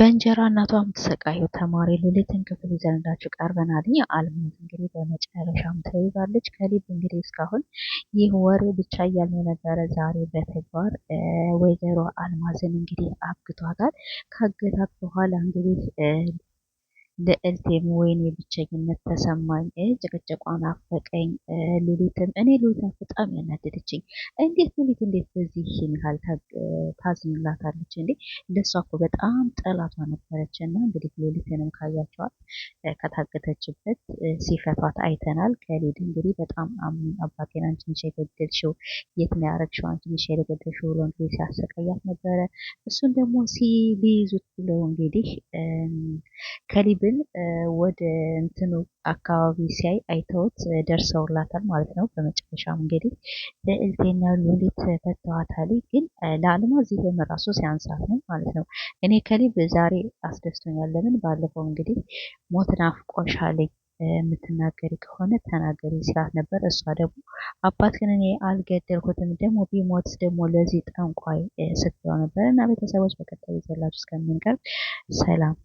በእንጀራ እናቷ የምትሰቃየው ተማሪ ሉሊትን ክፍል ይዘንላችሁ ቀርበናል። አልማዝ እንግዲህ በመጨረሻም ተይዛለች። ከሊብ እንግዲህ እስካሁን ይህ ወሬ ብቻ እያልን የነበረ ዛሬ በተግባር ወይዘሮ አልማዝን እንግዲህ አግቷታል። ካገታት በኋላ እንግዲህ ልዕልቴም ወይኔ ብቸኝነት ተሰማኝ፣ ጭቅጭቋን አፈቀኝ። ሉሊትም እኔ ሉሊትን በጣም ያናደደችኝ እንዴት ሉሊት እንዴት በዚህ ይህን ያህል ታዝንላታለች እንዴ? ለእሷ እኮ በጣም ጠላቷ ነበረች። እና እንግዲህ ሉሊትንም ካያቸዋት ከታገተችበት ሲፈቷት አይተናል። ከሌድ እንግዲህ በጣም አባቴን አንቺ ንሽ የገደልሽው፣ የት ነው ያረግሽው? አንቺ ንሽ የገደልሽው ብሎ እንግዲህ ሲያሰቃያት ነበረ። እሱን ደግሞ ሲይዙት ብለው እንግዲህ ከሊብን ወደ እንትኑ አካባቢ ሲያይ አይተውት ደርሰውላታል ማለት ነው። በመጨረሻም እንግዲህ ልዕልቴና ሉሊት ፈተዋታል፣ ግን ለአልማዝ ይህም ራሱ ሲያንሳት ነው ማለት ነው። እኔ ከሊብ ዛሬ አስደስቶኛል። ለምን ባለፈው እንግዲህ ሞት ናፍቆሻለኝ የምትናገሪ ከሆነ ተናገሪ ሲላት ነበር። እሷ ደግሞ አባት ግን እኔ አልገደልኩትም ደግሞ ቢሞት ደግሞ ለዚህ ጠንቋይ ስትለው ነበር። እና ቤተሰቦች በቀጣይ ይዘላችሁ እስከምንቀርብ ሰላም